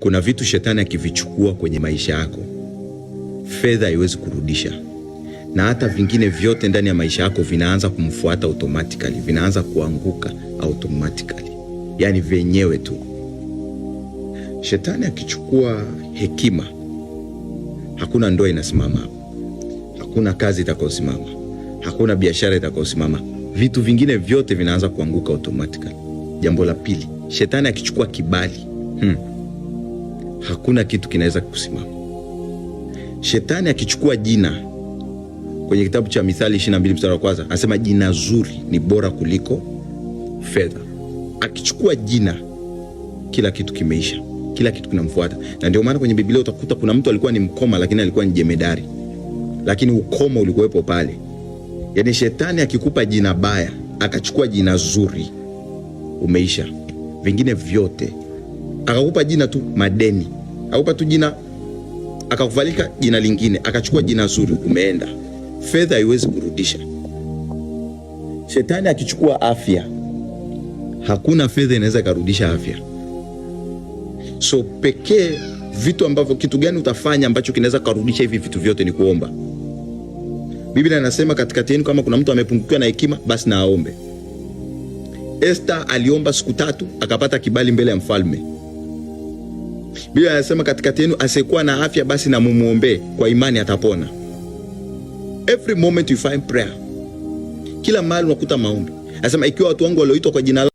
Kuna vitu shetani akivichukua kwenye maisha yako, fedha haiwezi kurudisha, na hata vingine vyote ndani ya maisha yako vinaanza kumfuata automatically, vinaanza kuanguka automatically, yaani vyenyewe tu. Shetani akichukua hekima, hakuna ndoa inasimama hapo, hakuna kazi itakayosimama, hakuna biashara itakayosimama, vitu vingine vyote vinaanza kuanguka automatically. Jambo la pili, shetani akichukua kibali hmm hakuna kitu kinaweza kusimama. Shetani akichukua jina kwenye kitabu cha Mithali 22 mstari wa kwanza anasema jina zuri ni bora kuliko fedha. Akichukua jina, kila kitu kimeisha, kila kitu kinamfuata. Na ndio maana kwenye Biblia utakuta kuna mtu alikuwa ni mkoma, lakini alikuwa ni jemedari, lakini ukoma ulikuwepo pale. Yaani shetani akikupa jina baya akachukua jina zuri, umeisha, vingine vyote akakupa jina tu madeni, akakupa tu jina, akakuvalika jina lingine, akachukua jina zuri, umeenda. Fedha haiwezi kurudisha. Shetani akichukua afya, hakuna fedha inaweza ikarudisha afya. So pekee vitu ambavyo, kitu gani utafanya ambacho kinaweza karudisha hivi vitu vyote ni kuomba. Biblia inasema katikati yenu kama kuna mtu amepungukiwa na hekima, basi na aombe. Esta aliomba siku tatu akapata kibali mbele ya mfalme. Biblia inasema katikati yenu asiyekuwa na afya basi na mumuombee kwa imani atapona. Every moment you find prayer, kila mahali unakuta maombi. Anasema ikiwa watu wangu walioitwa kwa jina